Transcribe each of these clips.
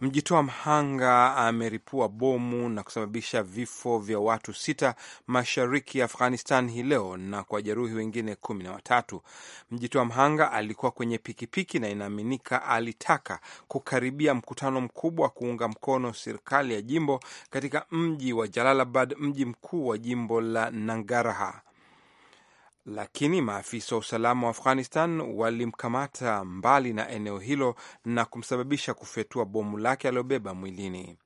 Mjitoa mhanga ameripua bomu na kusababisha vifo vya watu sita mashariki ya Afghanistan hii leo na kwa jeruhi wengine kumi na watatu. Mjitoa mhanga alikuwa kwenye pikipiki na inaaminika alitaka kukaribia mkutano mkubwa wa kuunga mkono serikali ya jimbo katika mji wa Jalalabad, mji mkuu wa jimbo la Nangaraha lakini maafisa wa usalama wa Afghanistan walimkamata mbali na eneo hilo na kumsababisha kufyatua bomu lake aliyobeba mwilini.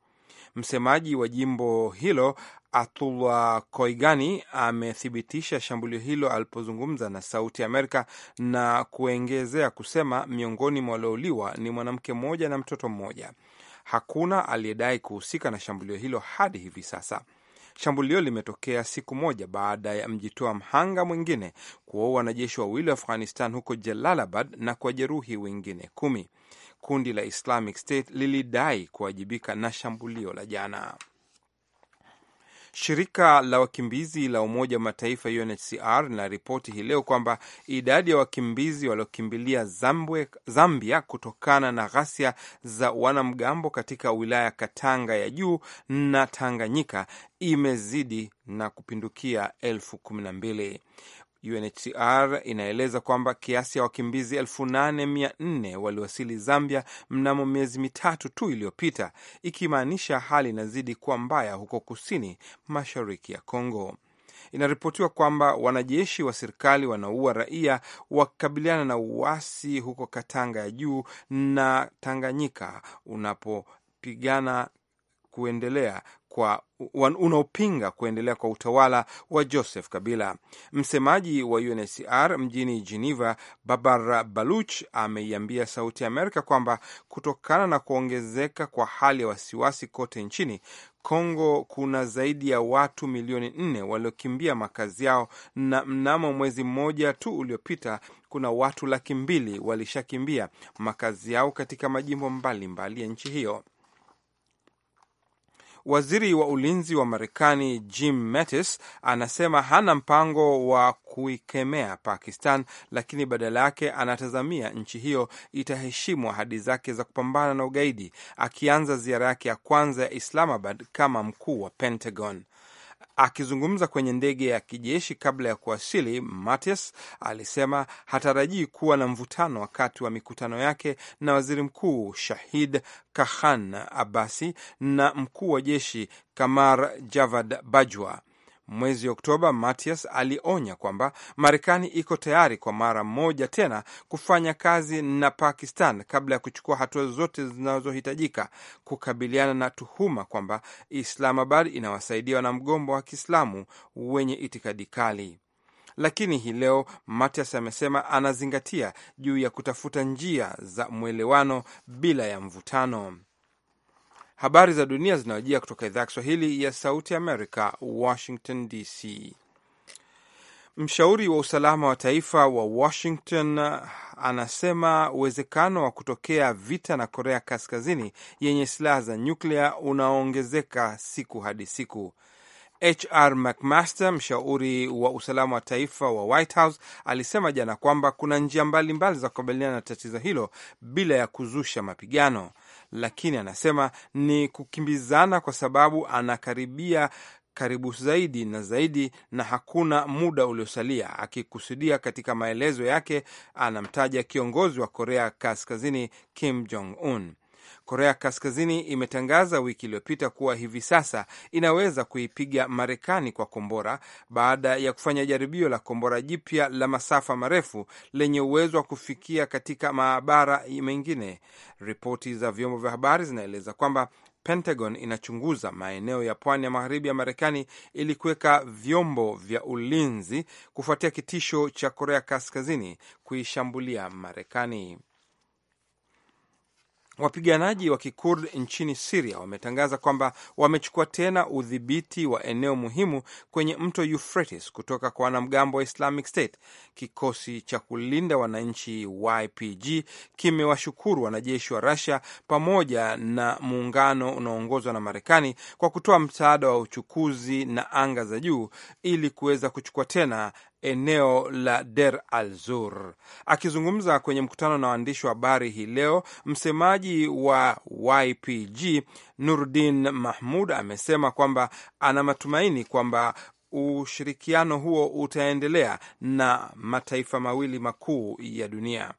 Msemaji wa jimbo hilo Atullah Koigani amethibitisha shambulio hilo alipozungumza na Sauti ya Amerika na kuengezea kusema miongoni mwa waliouliwa ni mwanamke mmoja na mtoto mmoja. Hakuna aliyedai kuhusika na shambulio hilo hadi hivi sasa. Shambulio limetokea siku moja baada ya mjitoa mhanga mwingine kuwaua wanajeshi wawili wa Afghanistan huko Jalalabad na jeruhi wengine kumi. Kundi la Islamic State lilidai kuwajibika na shambulio la jana. Shirika la wakimbizi la Umoja wa Mataifa UNHCR linaripoti hii leo kwamba idadi ya wakimbizi waliokimbilia Zambia kutokana na ghasia za wanamgambo katika wilaya Katanga ya juu na Tanganyika imezidi na kupindukia elfu kumi na mbili. UNHCR inaeleza kwamba kiasi ya wakimbizi 8400 waliwasili Zambia mnamo miezi mitatu tu iliyopita, ikimaanisha hali inazidi kuwa mbaya huko kusini mashariki ya Kongo. Inaripotiwa kwamba wanajeshi wa serikali wanaua raia wakikabiliana na uasi huko Katanga ya juu na Tanganyika unapopigana kuendelea kwa unaopinga kuendelea kwa utawala wa Joseph Kabila. Msemaji wa UNHCR mjini Geneva, Babar Baluch, ameiambia Sauti ya Amerika kwamba kutokana na kuongezeka kwa hali ya wasiwasi kote nchini Kongo, kuna zaidi ya watu milioni nne waliokimbia makazi yao, na mnamo mwezi mmoja tu uliopita kuna watu laki mbili walishakimbia makazi yao katika majimbo mbalimbali mbali ya nchi hiyo. Waziri wa ulinzi wa Marekani Jim Mattis anasema hana mpango wa kuikemea Pakistan, lakini badala yake anatazamia nchi hiyo itaheshimu ahadi zake za kupambana na ugaidi, akianza ziara yake ya kwanza ya Islamabad kama mkuu wa Pentagon. Akizungumza kwenye ndege ya kijeshi kabla ya kuwasili, Mattis alisema hatarajii kuwa na mvutano wakati wa mikutano yake na waziri mkuu Shahid Kahan abasi na mkuu wa jeshi Kamar Javad Bajwa. Mwezi Oktoba, Matias alionya kwamba Marekani iko tayari kwa mara moja tena kufanya kazi na Pakistan kabla ya kuchukua hatua zote zinazohitajika kukabiliana na tuhuma kwamba Islamabad inawasaidia wanamgambo wa Kiislamu wenye itikadi kali. Lakini hii leo Matias amesema anazingatia juu ya kutafuta njia za mwelewano bila ya mvutano. Habari za dunia zinawajia kutoka idhaa ya Kiswahili ya Sauti Amerika, Washington DC. Mshauri wa usalama wa taifa wa Washington anasema uwezekano wa kutokea vita na Korea Kaskazini yenye silaha za nyuklia unaongezeka siku hadi siku. HR McMaster, mshauri wa usalama wa taifa wa White House, alisema jana kwamba kuna njia mbalimbali mbali za kukabiliana na tatizo hilo bila ya kuzusha mapigano lakini anasema ni kukimbizana kwa sababu anakaribia karibu zaidi na zaidi na hakuna muda uliosalia. Akikusudia katika maelezo yake, anamtaja kiongozi wa Korea Kaskazini Kim Jong Un. Korea Kaskazini imetangaza wiki iliyopita kuwa hivi sasa inaweza kuipiga Marekani kwa kombora baada ya kufanya jaribio la kombora jipya la masafa marefu lenye uwezo wa kufikia katika maabara mengine. Ripoti za vyombo vya habari zinaeleza kwamba Pentagon inachunguza maeneo ya pwani ya magharibi ya Marekani ili kuweka vyombo vya ulinzi kufuatia kitisho cha Korea Kaskazini kuishambulia Marekani. Wapiganaji wa Kikurd nchini Siria wametangaza kwamba wamechukua tena udhibiti wa eneo muhimu kwenye mto Euphrates kutoka kwa wanamgambo wa Islamic State. Kikosi cha kulinda wananchi YPG kimewashukuru wanajeshi wa rasia pamoja na muungano unaoongozwa na Marekani kwa kutoa msaada wa uchukuzi na anga za juu ili kuweza kuchukua tena eneo la Der Al Zur. Akizungumza kwenye mkutano na waandishi wa habari hii leo, msemaji wa YPG Nurdin Mahmud amesema kwamba ana matumaini kwamba ushirikiano huo utaendelea na mataifa mawili makuu ya dunia.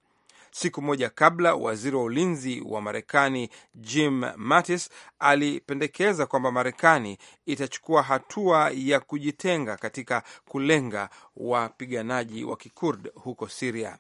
Siku moja kabla, waziri wa ulinzi wa Marekani Jim Mattis alipendekeza kwamba Marekani itachukua hatua ya kujitenga katika kulenga wapiganaji wa Kikurd huko Siria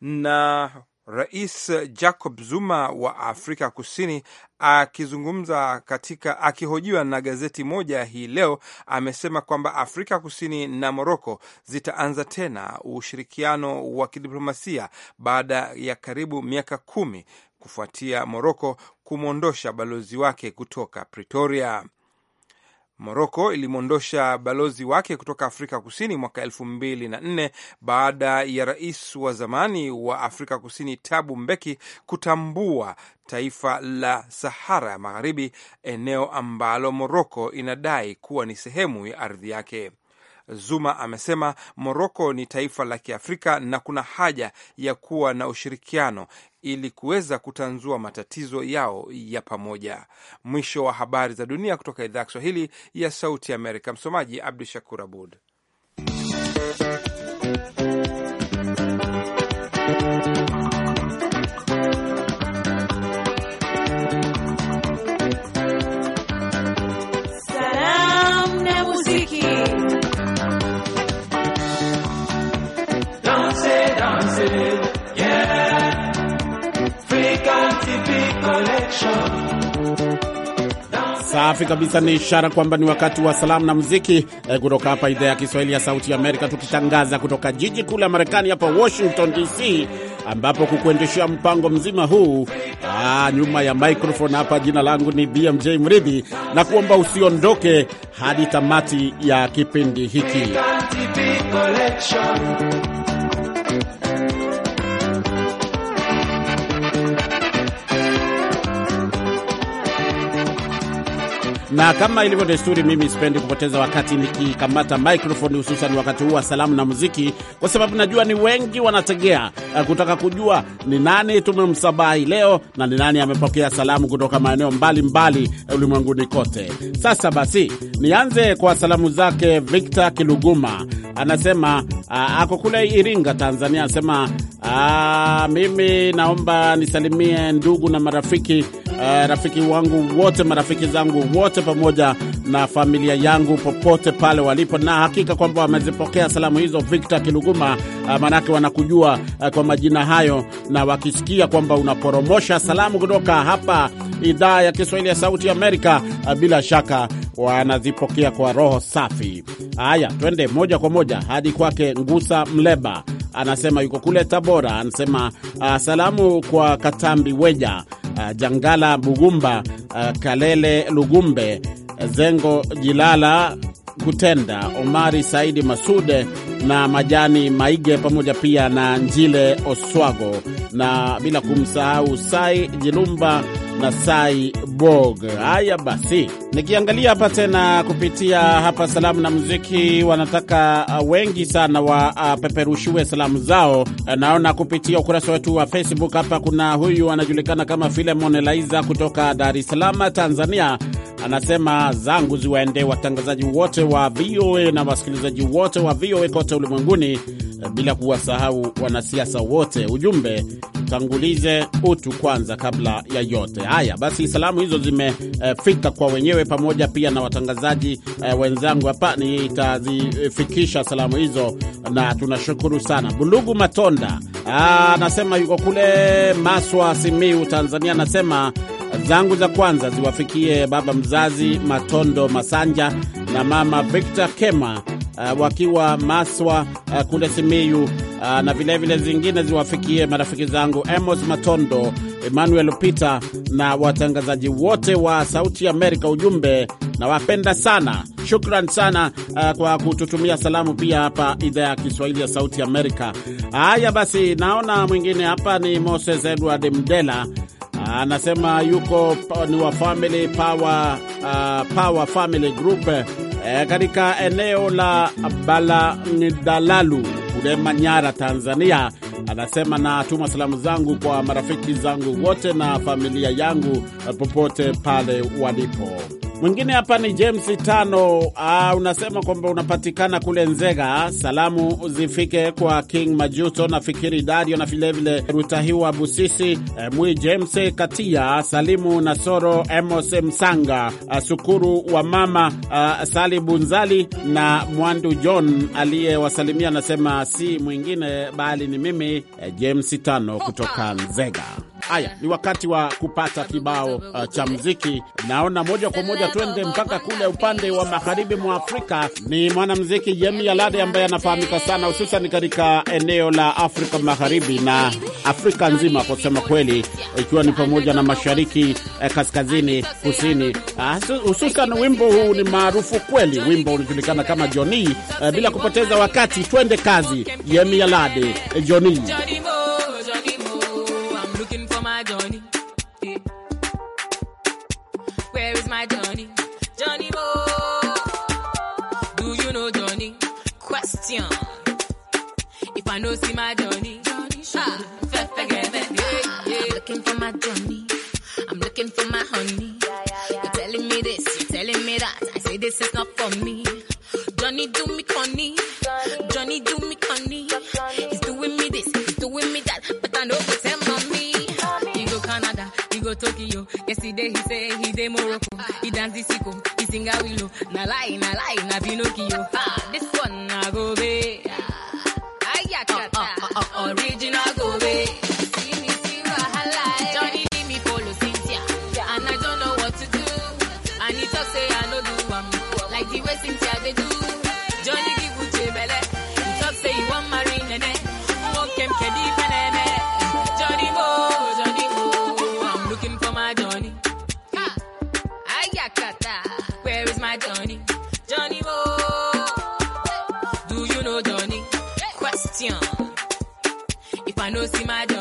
na Rais Jacob Zuma wa Afrika Kusini akizungumza katika akihojiwa na gazeti moja hii leo amesema kwamba Afrika Kusini na Moroko zitaanza tena ushirikiano wa kidiplomasia baada ya karibu miaka kumi kufuatia Moroko kumwondosha balozi wake kutoka Pretoria. Moroko ilimwondosha balozi wake kutoka Afrika Kusini mwaka elfu mbili na nne baada ya rais wa zamani wa Afrika Kusini Tabu Mbeki kutambua taifa la Sahara ya Magharibi, eneo ambalo Moroko inadai kuwa ni sehemu ya ardhi yake. Zuma amesema Moroko ni taifa la Kiafrika na kuna haja ya kuwa na ushirikiano ili kuweza kutanzua matatizo yao ya pamoja. Mwisho wa habari za dunia kutoka idhaa ya Kiswahili ya Sauti Amerika. Msomaji Abdu Shakur Abud. Safi kabisa, ni ishara kwamba ni wakati wa salamu na muziki eh, kutoka hapa idhaa ya Kiswahili ya Sauti ya Amerika, tukitangaza kutoka jiji kuu la Marekani hapa Washington DC, ambapo kukuendeshea mpango mzima huu aa, ah, nyuma ya microphone hapa. Jina langu ni BMJ Mridhi, na kuomba usiondoke hadi tamati ya kipindi hiki. na kama ilivyo desturi, mimi sipendi kupoteza wakati nikikamata microphone, hususan wakati huu wa salamu na muziki, kwa sababu najua ni wengi wanategea eh, kutaka kujua ni nani tumemsabahi leo na ni nani amepokea salamu kutoka maeneo mbalimbali eh, ulimwenguni kote. Sasa basi, nianze kwa salamu zake Victor Kiluguma, anasema ah, ako kule Iringa, Tanzania, anasema ah, mimi naomba nisalimie ndugu na marafiki uh, rafiki wangu wote, marafiki zangu wote, pamoja na familia yangu popote pale walipo, na hakika kwamba wamezipokea salamu hizo, Victor Kiluguma, Uh, eh, maanake wanakujua uh, kwa majina hayo, na wakisikia kwamba unaporomosha salamu kutoka hapa idhaa ya Kiswahili ya Sauti ya Amerika, uh, bila shaka wanazipokea kwa roho safi. Haya, twende moja kwa moja hadi kwake Ngusa Mleba anasema yuko kule Tabora, anasema uh, salamu kwa Katambi Weja, uh, Jangala Bugumba, uh, Kalele Lugumbe, Zengo Jilala Kutenda, Omari Saidi Masude na Majani Maige, pamoja pia na Njile Oswago, na bila kumsahau Sai Jilumba na bog Haya basi, nikiangalia hapa tena kupitia hapa salamu na muziki, wanataka uh, wengi sana wapeperushiwe uh, salamu zao. Uh, naona kupitia ukurasa wetu wa Facebook hapa kuna huyu anajulikana kama Filemon Elaiza kutoka Dar es Salaam, Tanzania. Anasema zangu ziwaendee watangazaji wote wa VOA na wasikilizaji wote wa VOA kote ulimwenguni bila kuwasahau wanasiasa wote. Ujumbe tutangulize utu kwanza kabla ya yote haya. Basi salamu hizo zimefika kwa wenyewe, pamoja pia na watangazaji eh, wenzangu hapa, nitazifikisha salamu hizo na tunashukuru sana. Bulugu Matonda ah, anasema yuko kule Maswa, Simiu, Tanzania, anasema zangu za kwanza ziwafikie baba mzazi Matondo Masanja na mama Victor Kema uh, wakiwa Maswa, uh, eh, kule Simiyu, uh, na vilevile vile zingine ziwafikie marafiki zangu Amos Matondo, Emmanuel Peter na watangazaji wote wa Sauti Amerika. Ujumbe nawapenda sana, shukran sana uh, kwa kututumia salamu pia hapa idhaa ya Kiswahili ya Sauti Amerika. Haya basi, naona mwingine hapa ni Moses Edward Mdela ah, anasema yuko ni wa Family Power, uh, Power Family Group e, katika eneo la Balamidalalu kule Manyara, Tanzania. Anasema natuma salamu zangu kwa marafiki zangu wote na familia yangu eh, popote pale walipo. Mwingine hapa ni James Tano. Uh, unasema kwamba unapatikana kule Nzega. Salamu zifike kwa King Majuto na Fikiri Dario na vilevile Rutahiwa Busisi, eh, Mwi James Katia, Salimu Nasoro, Emos Msanga, eh, Sukuru wa mama, uh, Sali Bunzali na Mwandu John aliyewasalimia anasema si mwingine bali ni mimi, eh, James Tano kutoka Nzega. Haya, ni wakati wa kupata kibao uh, cha mziki. Naona moja kwa moja twende mpaka kule upande wa magharibi mwa Afrika. Ni mwanamziki Yemi Alade ambaye anafahamika sana hususan katika eneo la Afrika Magharibi na Afrika nzima kusema kweli, ikiwa ni pamoja na mashariki, eh, kaskazini, kusini. Ah, hususan uh, wimbo huu ni maarufu kweli, wimbo unajulikana kama Joni. Uh, eh, bila kupoteza wakati twende kazi, Yemi Alade, Johnny. my Johnny. Johnny boy. Oh. Do you know Johnny? Question. If I know see my Johnny. Johnny ah, I'm looking for my Johnny. I'm looking for my honey. Yeah, yeah, you're telling me this, you're telling me that. I say this is not for me. Johnny do me funny. dance the sickle, kissing a willow. Na lie, na lie, na Pinocchio. Ha! I know see my job.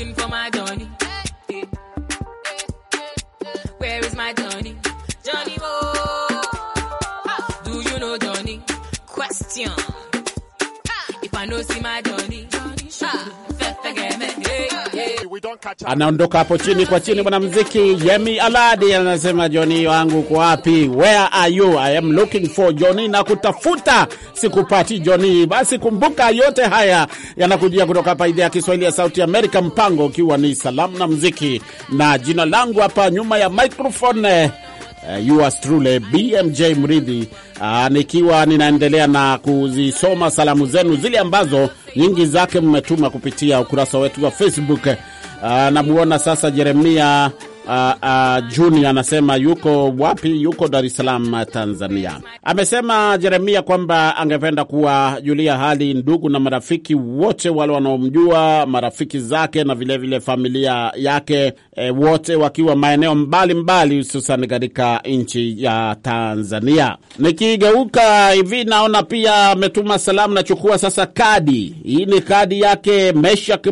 looking for my journey. anaondoka hapo chini kwa chini. Mwanamuziki Yemi aladi anasema Joni wangu uko wapi? Where are you? I am looking for Joni, na kutafuta sikupati Joni. Basi kumbuka yote haya yanakujia kutoka hapa idhaa ya Kiswahili ya Sauti Amerika, mpango ukiwa ni salamu na muziki, na jina langu hapa nyuma ya microphone Uh, are truly BMJ Mridhi, uh, nikiwa ninaendelea na kuzisoma salamu zenu zile ambazo nyingi zake mmetuma kupitia ukurasa wetu wa Facebook Ah, namuona sasa Jeremia uh, uh, Juni anasema yuko wapi? Yuko Dar es Salaam, Tanzania. Amesema Jeremia kwamba angependa kuwajulia hali ndugu na marafiki wote wale wanaomjua, marafiki zake na vilevile vile familia yake e, wote wakiwa maeneo mbalimbali hususan katika nchi ya Tanzania. Nikigeuka hivi naona pia ametuma salamu. Nachukua sasa kadi hii, ni kadi yake Meshak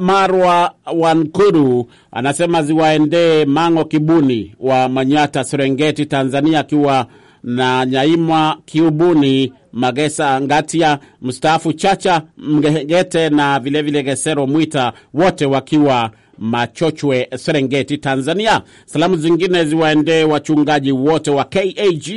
Marwa Wankuru, anasema ziwaende Ndee Mang'o Kibuni wa Manyata, Serengeti, Tanzania, akiwa na Nyaimwa Kiubuni Magesa Ngatia, mstaafu Chacha Mgegete na vilevile vile Gesero Mwita, wote wakiwa Machochwe, Serengeti, Tanzania. Salamu zingine ziwaendee wachungaji wote wa KAG,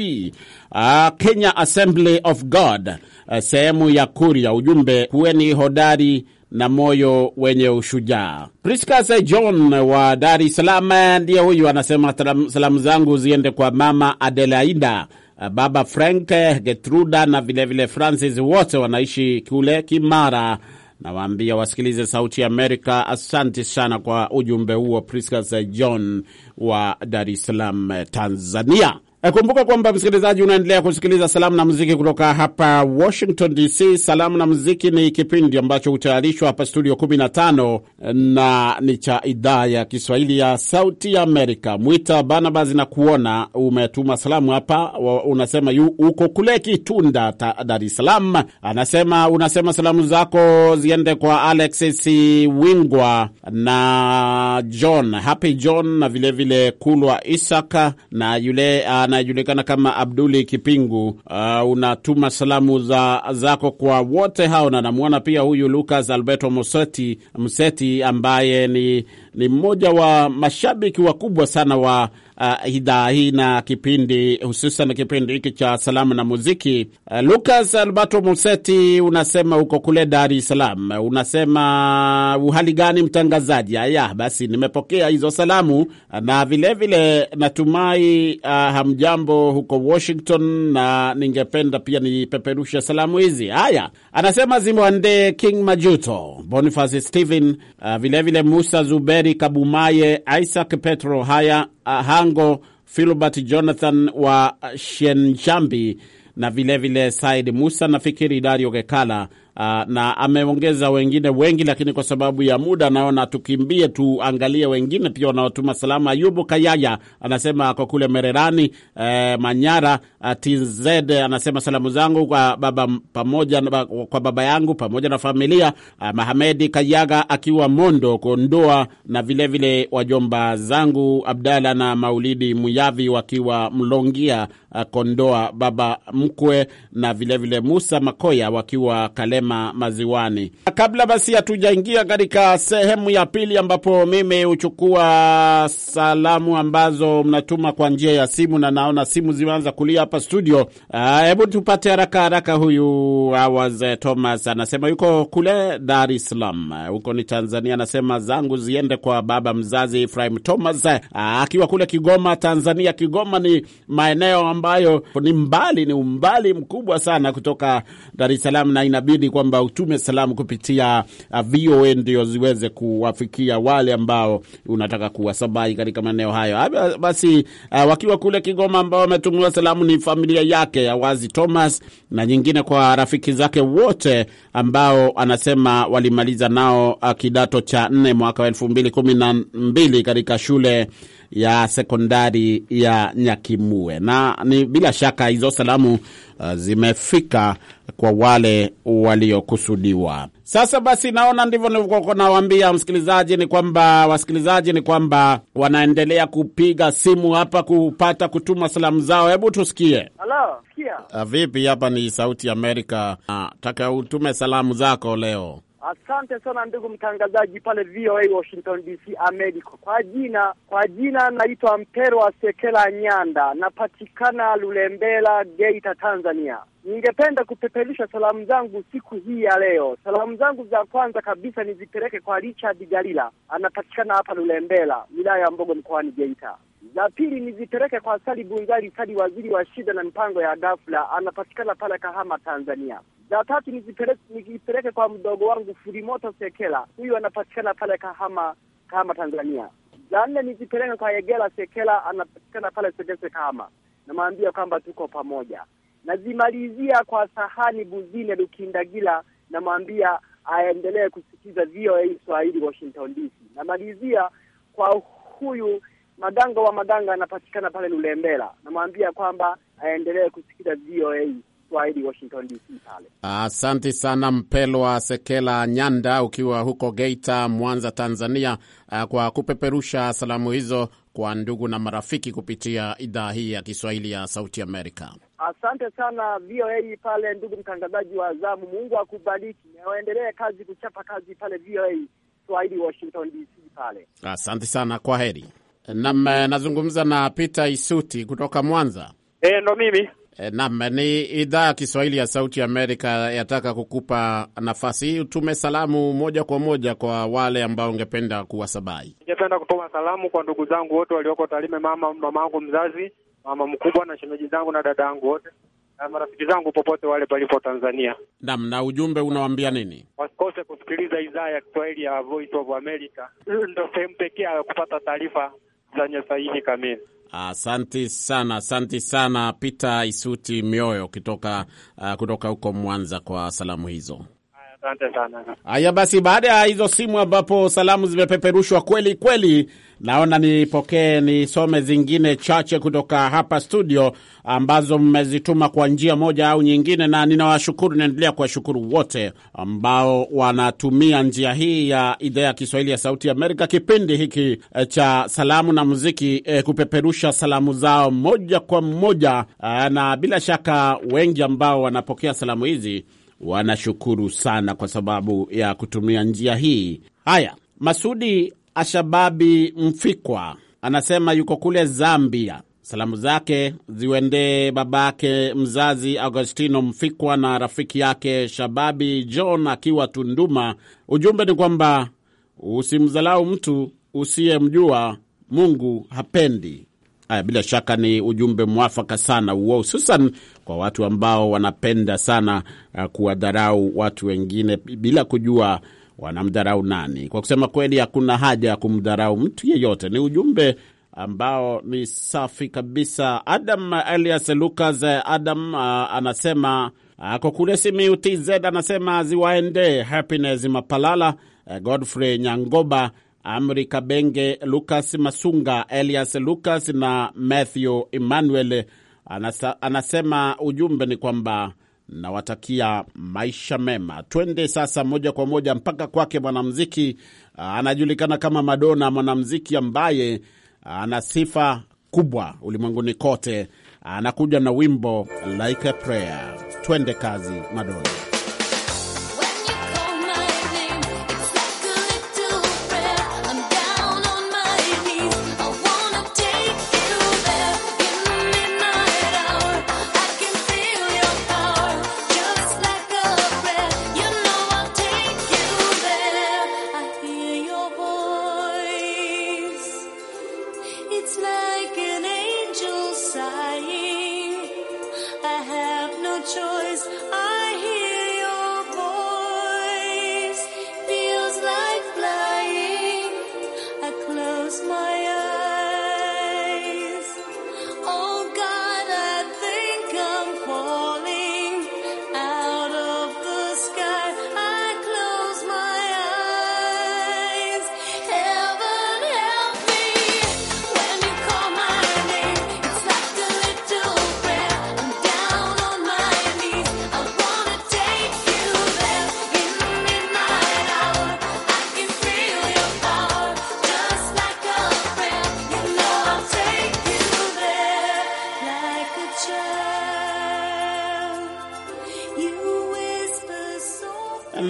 uh, Kenya Assembly of God, uh, sehemu ya Kuria. Ujumbe, kuweni hodari na moyo wenye ushujaa. Priscas John wa Dar es Salaam ndiye huyu anasema, salamu zangu ziende kwa mama Adelaida, baba Frank, Getruda na vilevile vile Francis, wote wanaishi kule Kimara. Nawaambia wasikilize Sauti ya Amerika. Asante sana kwa ujumbe huo, Priscas John wa Dar es Salaam, Tanzania. Eh, kumbuka kwamba msikilizaji, unaendelea kusikiliza salamu na muziki kutoka hapa Washington DC. Salamu na muziki ni kipindi ambacho hutayarishwa hapa studio 15 eh, na ni cha idhaa ya Kiswahili ya Sauti ya Amerika. Mwita Barnabas na kuona umetuma salamu hapa, unasema yu, uko kule Kitunda, Dar es Salaam. Anasema unasema salamu zako ziende kwa Alexis Wingwa na John Happy John na vilevile vile Kulwa Isaka na yule ah, anayejulikana kama Abduli Kipingu. Uh, unatuma salamu za zako kwa wote hao, na namwona pia huyu Lucas Alberto Museti, Mseti ambaye ni ni mmoja wa mashabiki wakubwa sana wa uh, idhaa hii na kipindi hususan kipindi hiki cha salamu na muziki. Uh, Lucas Alberto Museti, unasema uko kule Dar es Salaam, unasema uh, uhali gani mtangazaji? Haya basi, nimepokea hizo salamu na vilevile vile, natumai uh, hamjambo huko Washington, na ningependa pia nipeperushe salamu hizi. Haya, anasema zimwandee King Majuto, Boniface Stephen, uh, vilevile Musa Zuberi Heri Kabumaye, Isaac Petro Haya Hango, Filbert Jonathan wa Shenjambi na vilevile Said Musa, nafikiri Dario Gekala uh, na ameongeza wengine wengi, lakini kwa sababu ya muda naona tukimbie, tuangalie wengine pia wanaotuma salamu. Ayubu Kayaya anasema ako kule Mererani uh, Manyara Uh, ah, TZ, anasema salamu zangu kwa baba pamoja kwa baba yangu pamoja na familia uh, Mahamedi Kayaga akiwa Mondo Kondoa, na vilevile vile wajomba zangu Abdala na Maulidi Muyavi wakiwa Mlongia uh, Kondoa, baba mkwe na vilevile vile Musa Makoya wakiwa Kalema ma, maziwani. Kabla basi hatujaingia katika sehemu ya pili, ambapo mimi huchukua salamu ambazo mnatuma kwa njia ya simu, na naona simu zimeanza kulia hapa studio. Ah, hebu tupate haraka haraka, huyu Awaz Thomas anasema yuko kule Dar es Salaam, huko ni Tanzania. Anasema zangu ziende kwa baba mzazi Ephraim Thomas ah, akiwa kule Kigoma, Tanzania. Kigoma ni maeneo ambayo ni mbali, ni umbali mkubwa sana kutoka Dar es Salaam na inabidi kwamba utume salamu kupitia uh, VOA ndio ziweze kuwafikia wale ambao unataka kuwasabahi katika maeneo hayo. Basi uh, wakiwa kule Kigoma, ambao wametumiwa salamu ni familia yake ya Wazi Thomas na nyingine kwa rafiki zake wote ambao anasema walimaliza nao uh, kidato cha nne mwaka wa elfu mbili kumi na mbili katika shule ya sekondari ya Nyakimue. Na ni bila shaka hizo salamu uh, zimefika kwa wale waliokusudiwa. Sasa basi, naona ndivyo nilivyokuwa nawaambia msikilizaji, ni kwamba wasikilizaji, ni kwamba wanaendelea kupiga simu hapa kupata kutuma salamu zao. Hebu tusikie. Halo, sikia. Uh, vipi? Hapa ni Sauti Amerika. Uh, taka utume salamu zako leo. Asante sana ndugu mtangazaji pale VOA Washington DC America. Kwa jina kwa jina naitwa Mperwa Sekela Nyanda, napatikana Lulembela, Geita, Tanzania. Ningependa kupeperusha salamu zangu siku hii ya leo. Salamu zangu za kwanza kabisa nizipeleke kwa Richard Galila, anapatikana hapa Lulembela, wilaya ya Mbogo, mkoani Geita. Za pili ni zipeleke kwa Sali Bunzali Sali, waziri wa shida na mpango ya ghafla, anapatikana pale Kahama, Tanzania. Za tatu nizipeleke kwa mdogo wangu Furimoto Sekela, huyu anapatikana pale Kahama, Kahama, Tanzania. Za nne nizipeleke kwa Yegela Sekela, anapatikana pale Segese, Kahama. Namwambia kwamba tuko pamoja. Nazimalizia kwa Sahani Buzine Lukindagila, namwambia aendelee kusikiza VOA Swahili, Washington DC. Namalizia kwa huyu maganga wa maganga anapatikana pale Lulembela, namwambia kwamba aendelee kusikiza VOA Swahili Washington DC pale. Asante sana Mpelwa Sekela Nyanda, ukiwa huko Geita, Mwanza, Tanzania, uh, kwa kupeperusha salamu hizo kwa ndugu na marafiki kupitia idhaa hii ya Kiswahili ya Sauti Amerika. Asante sana VOA pale, ndugu mtangazaji wa zamu. Mungu akubariki na waendelee kazi kuchapa kazi pale VOA Swahili Washington DC pale. Asante sana, kwa heri. Nam, eh, nazungumza na Peter Isuti kutoka Mwanza. E, ndo mimi. E, eh, nam, ni idhaa ya Kiswahili ya Sauti Amerika yataka kukupa nafasi hii, utume salamu moja kwa moja kwa wale ambao ungependa kuwasabai. Ningependa kutuma salamu kwa ndugu zangu wote walioko Tarime, mama mamangu mzazi, mama mkubwa na shemeji zangu na dada yangu wote na marafiki zangu popote wale palipo Tanzania. Naam, na ujumbe unawaambia nini? Wasikose kusikiliza idhaa ya Kiswahili ya Voice of America, ndio sehemu pekee ya kupata taarifa zenye sahihi kamili. Asante sana, asante sana Peter Isuti Mioyo kutoka uh, kutoka huko Mwanza kwa salamu hizo. Asante sana. Haya basi, baada ya hizo simu ambapo salamu zimepeperushwa kweli kweli, naona nipokee nisome zingine chache kutoka hapa studio ambazo mmezituma kwa njia moja au nyingine, na ninawashukuru, naendelea kuwashukuru wote ambao wanatumia njia hii ya idhaa ya Kiswahili ya Sauti Amerika, kipindi hiki eh, cha salamu na muziki, e, kupeperusha salamu zao moja kwa moja, ah, na bila shaka wengi ambao wanapokea salamu hizi wanashukuru sana kwa sababu ya kutumia njia hii. Haya, Masudi Ashababi Mfikwa anasema yuko kule Zambia. Salamu zake ziwendee babake mzazi Augustino Mfikwa na rafiki yake Shababi John akiwa Tunduma. Ujumbe ni kwamba usimdhalau mtu usiyemjua, Mungu hapendi. Haya, bila shaka ni ujumbe mwafaka sana huo, hususan kwa watu ambao wanapenda sana uh, kuwadharau watu wengine bila kujua wanamdharau nani. Kwa kusema kweli, hakuna haja ya kumdharau mtu yeyote. Ni ujumbe ambao ni safi kabisa. Adam Elias Lucas Adam uh, anasema uh, ako kule Simiu TZ, anasema ziwaende Happiness Mapalala, uh, Godfrey Nyangoba Amri Kabenge, Lucas Masunga, Elias Lucas na Matthew Emmanuel. Anasa, anasema ujumbe ni kwamba nawatakia maisha mema. Twende sasa moja kwa moja mpaka kwake mwanamziki anajulikana kama Madonna, mwanamziki ambaye ana sifa kubwa ulimwenguni kote. Anakuja na wimbo Like a Prayer. Twende kazi, Madonna. choice. I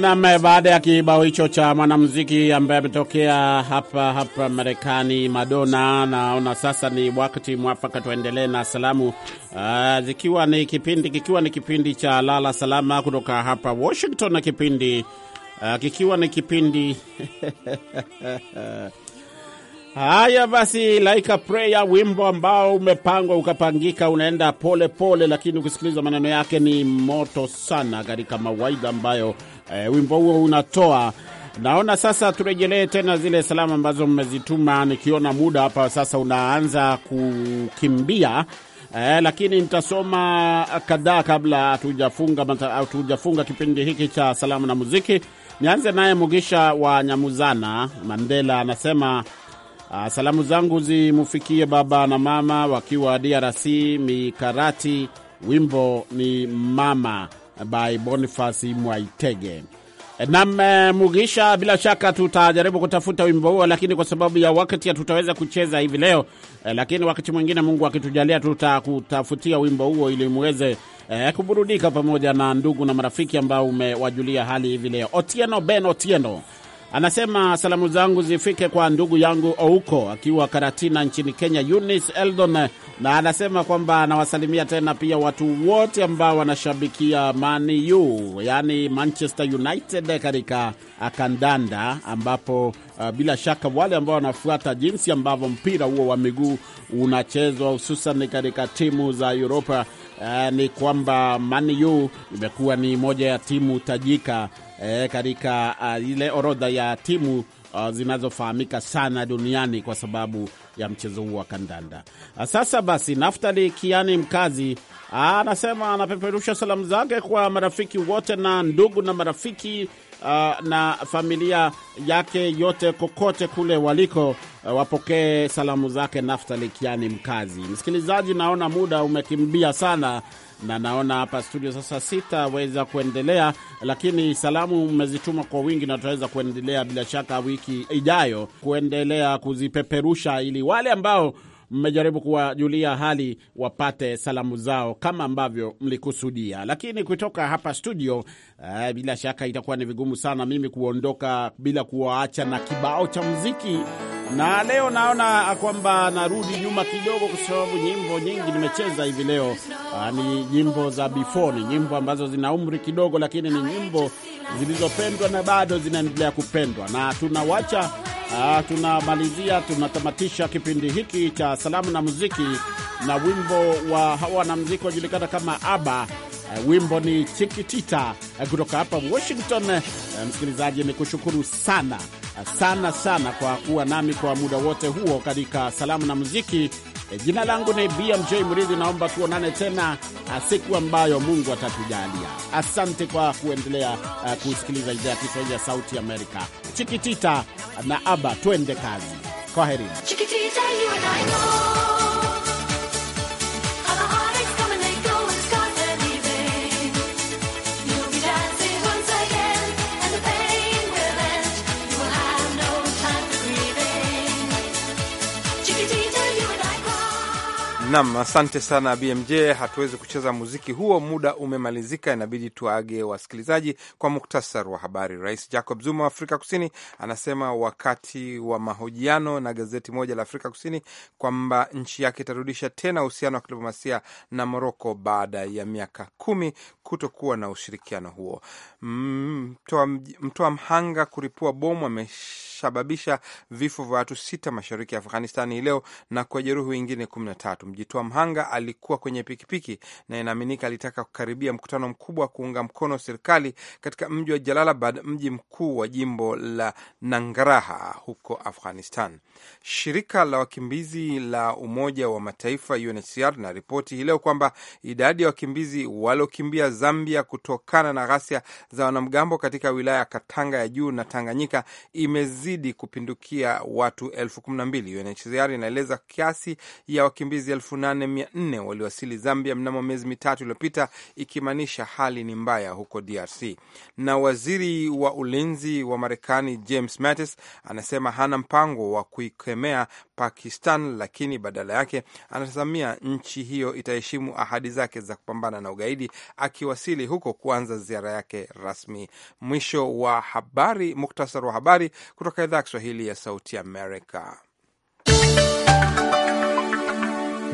Nam, baada ya kibao hicho cha mwanamuziki ambaye ametokea hapa hapa Marekani, Madonna, naona sasa ni wakati mwafaka tuendelee na salamu uh, zikiwa ni kipindi kikiwa ni kipindi cha lala salama kutoka hapa Washington na kipindi uh, kikiwa ni kipindi Haya basi, like a prayer, wimbo ambao umepangwa ukapangika, unaenda pole pole, lakini ukisikiliza maneno yake ni moto sana katika mawaidha ambayo e, wimbo huo unatoa. Naona sasa turejelee tena zile salamu ambazo mmezituma, nikiona muda hapa sasa unaanza kukimbia. Eh, lakini nitasoma kadhaa kabla hatujafunga hatujafunga kipindi hiki cha salamu na muziki. Nianze naye Mugisha wa Nyamuzana Mandela, anasema Ah, salamu zangu zimfikie baba na mama wakiwa DRC, Mikarati. Wimbo ni Mama by Bonifasi Mwaitege. Nam eh, Mugisha, bila shaka tutajaribu kutafuta wimbo huo, lakini kwa sababu ya wakati hatutaweza kucheza hivi leo, eh, lakini wakati mwingine, Mungu akitujalia, tutakutafutia wimbo huo ili muweze eh, kuburudika pamoja na ndugu na marafiki ambao umewajulia hali hivi leo. Otieno Ben Otieno Anasema salamu zangu zifike kwa ndugu yangu Ouko akiwa Karatina nchini Kenya, Eunice Eldon, na anasema kwamba anawasalimia tena pia watu wote ambao wanashabikia Man U yaani Manchester United katika kandanda, ambapo uh, bila shaka wale ambao wanafuata jinsi ambavyo mpira huo wa miguu unachezwa hususan katika timu za Europa. Uh, ni kwamba Man U imekuwa ni moja ya timu tajika e, katika uh, ile orodha ya timu uh, zinazofahamika sana duniani kwa sababu ya mchezo huu wa kandanda. Ah, sasa basi, Naftali Kiani mkazi ah, anasema anapeperusha salamu zake kwa marafiki wote na ndugu na marafiki Uh, na familia yake yote kokote kule waliko, uh, wapokee salamu zake Naftali Kiani mkazi. Msikilizaji, naona muda umekimbia sana, na naona hapa studio sasa sitaweza kuendelea, lakini salamu mmezituma kwa wingi na tutaweza kuendelea bila shaka wiki ijayo kuendelea kuzipeperusha ili wale ambao mmejaribu kuwajulia hali wapate salamu zao kama ambavyo mlikusudia. Lakini kutoka hapa studio, eh, bila shaka itakuwa ni vigumu sana mimi kuondoka bila kuwaacha na kibao cha muziki, na leo naona kwamba narudi nyuma kidogo, kwa sababu nyimbo nyingi nimecheza hivi leo ah, ni nyimbo za before, ni nyimbo ambazo zina umri kidogo, lakini ni nyimbo zilizopendwa na bado zinaendelea kupendwa, na tunawacha uh, tunamalizia, tunatamatisha kipindi hiki cha salamu na muziki na wimbo wa hawa wanamuziki wajulikana kama ABBA. Uh, wimbo ni tikitita eh, kutoka hapa Washington. Uh, msikilizaji, ni kushukuru sana uh, sana sana kwa kuwa nami kwa muda wote huo katika salamu na muziki. Eh, jina langu ni BMJ Mridhi. Naomba tuonane tena eh, siku ambayo Mungu atatujalia. Asante kwa kuendelea eh, kusikiliza idhaa ya Kiswahili ya Sauti Amerika. Chikitita na aba, twende kazi. kwa Kwaherini. Nam, asante sana BMJ. Hatuwezi kucheza muziki huo, muda umemalizika, inabidi tuage wasikilizaji kwa muktasar wa habari. Rais Jacob Zuma wa Afrika Kusini anasema wakati wa mahojiano na gazeti moja la Afrika Kusini kwamba nchi yake itarudisha tena uhusiano wa kidiplomasia na Moroko baada ya miaka kumi kutokuwa na ushirikiano huo. Mm, mtoa mhanga kuripua bomu amesababisha vifo vya watu sita mashariki ya Afghanistani hii leo na kuwajeruhi wengine kumi na tatu. Mjitoa mhanga alikuwa kwenye pikipiki na inaaminika alitaka kukaribia mkutano mkubwa wa kuunga mkono serikali katika mji wa Jalalabad, mji mkuu wa jimbo la nangaraha huko Afghanistan. Shirika la wakimbizi la Umoja wa Mataifa UNHCR na ripoti hii leo kwamba idadi ya wakimbizi waliokimbia Zambia kutokana na ghasia za wanamgambo katika wilaya ya Katanga ya juu na Tanganyika imezidi kupindukia watu elfu kumi na mbili. UNHCR inaeleza kiasi ya wakimbizi elfu 8400 waliwasili Zambia mnamo miezi mitatu iliyopita, ikimaanisha hali ni mbaya huko DRC. Na waziri wa ulinzi wa Marekani James Mattis anasema hana mpango wa kuikemea Pakistan, lakini badala yake anatazamia nchi hiyo itaheshimu ahadi zake za kupambana na ugaidi, akiwasili huko kuanza ziara yake rasmi. Mwisho wa habari, muktasar wa habari kutoka idhaa ya Kiswahili ya Sauti Amerika.